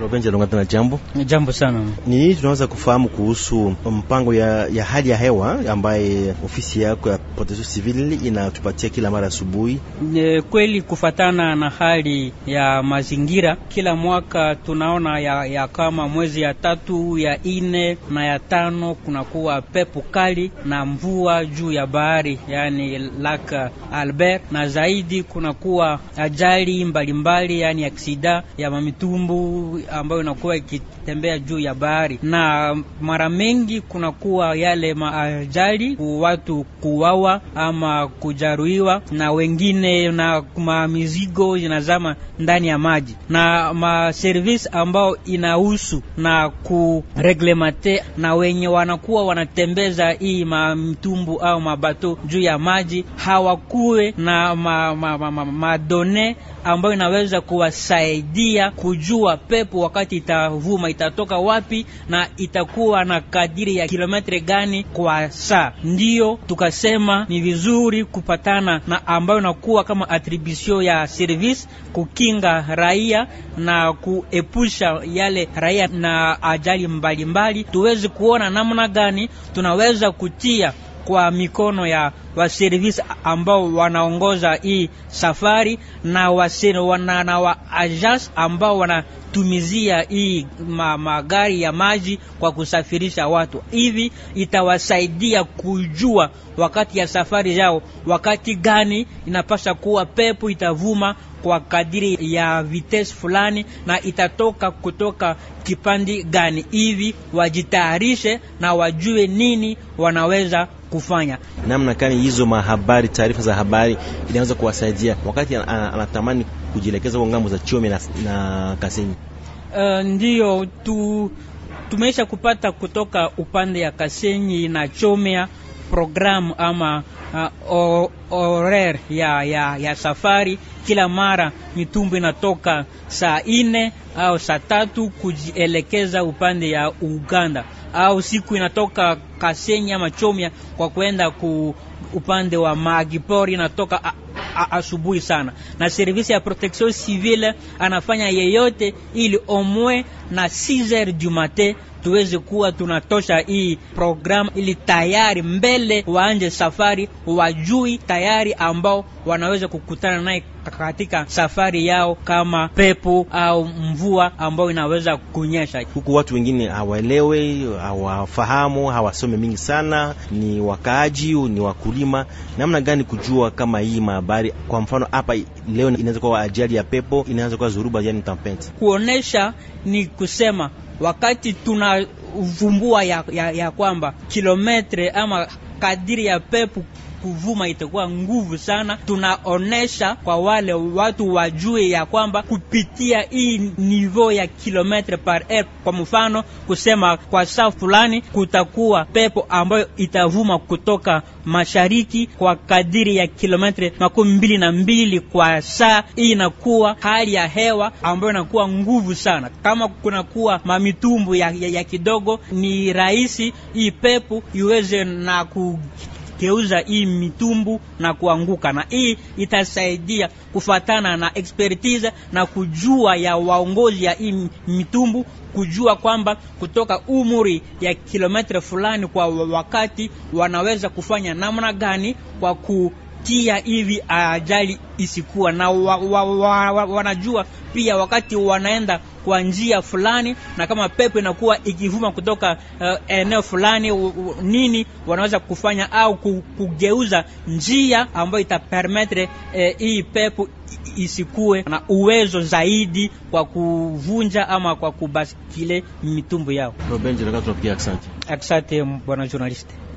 Robenja Longa tena jambo. Jambo sana. Ni tunaweza kufahamu kuhusu mpango ya, ya hali ya hewa ambaye ofisi yako ya Protection Civil inatupatia kila mara asubuhi. Kweli kufatana na hali ya mazingira kila mwaka tunaona ya, ya kama mwezi ya tatu ya ine na ya tano kunakuwa pepo kali na mvua juu ya bahari yani Lac Albert, na zaidi kunakuwa ajali mbalimbali yani aksida ya mamitumbu ambayo inakuwa ikitembea juu ya bahari, na mara mengi kunakuwa yale maajali, watu kuwawa ama kujaruiwa na wengine na mizigo inazama ndani ya maji, na maservisi ambao inahusu na kureglemate na wenye wanakuwa wanatembeza hii mamtumbu au mabato juu ya maji hawakuwe na madone ma, ma, ma, ma ambayo inaweza kuwasaidia kujua pepo siku, wakati itavuma itatoka wapi na itakuwa na kadiri ya kilometre gani kwa saa. Ndiyo tukasema ni vizuri kupatana na ambayo nakuwa kama atribution ya service kukinga raia na kuepusha yale raia na ajali mbalimbali mbali. Tuwezi kuona namna gani tunaweza kutia kwa mikono ya waservisi ambao wanaongoza hii safari na wana, na ajas ambao wanatumizia hii ma, magari ya maji kwa kusafirisha watu. Hivi itawasaidia kujua wakati ya safari yao, wakati gani inapasha kuwa pepo itavuma kwa kadiri ya vitesi fulani na itatoka kutoka kipandi gani hivi, wajitayarishe na wajue nini wanaweza kufanya namna kani. Hizo mahabari, taarifa za habari inaweza kuwasaidia wakati anatamani kujielekeza kwa ngambo za Chome na, na Kasenyi. Uh, eh, ndiyo tu, tumeisha kupata kutoka upande ya Kasenyi na Chomea programu ama uh, orer ya, ya, ya safari. Kila mara mitumbu inatoka saa ine au saa tatu kujielekeza upande ya Uganda, au siku inatoka Kasenyi ama Chomya kwa kwenda ku upande wa Magipori inatoka asubuhi sana, na servisi ya protection civile anafanya yeyote ili omwe na 6 h du matin tuweze kuwa tunatosha hii programu, ili tayari mbele waanje safari, wajui tayari ambao wanaweza kukutana naye katika safari yao, kama pepo au mvua ambayo inaweza kunyesha. Huku watu wengine hawaelewe, hawafahamu, hawasome mingi sana, ni wakaaji, ni wakulima. Namna gani kujua kama hii mahabari, kwa mfano hapa leo inaweza kuwa ajali ya pepo, inaweza kuwa zuruba, yani tampenti. Kuonesha ni kusema wakati tunavumbua ya, ya, ya kwamba kilometre ama kadiri ya pepo kuvuma itakuwa nguvu sana. Tunaonesha kwa wale watu wajue ya kwamba kupitia hii nivo ya kilometre par heure, kwa mfano kusema kwa saa fulani kutakuwa pepo ambayo itavuma kutoka mashariki kwa kadiri ya kilometre makumi mbili na mbili kwa saa. Hii inakuwa hali ya hewa ambayo inakuwa nguvu sana. Kama kunakuwa mamitumbu ya, ya, ya kidogo, ni rahisi hii pepo iweze na ku kugeuza hii mitumbu na kuanguka, na hii itasaidia kufatana na expertise na kujua ya waongozi ya hii mitumbu kujua kwamba kutoka umri ya kilometre fulani kwa wakati wanaweza kufanya namna gani kwa kutia hivi ajali isikuwa na wa, wa, wa, wa, wanajua pia wakati wanaenda kwa njia fulani, na kama pepo inakuwa ikivuma kutoka uh, eneo fulani u, u, nini wanaweza kufanya au kugeuza njia ambayo itapermetre eh, hii pepo isikue na uwezo zaidi kwa kuvunja ama kwa kubaskile mitumbu yao. Asante bwana journaliste.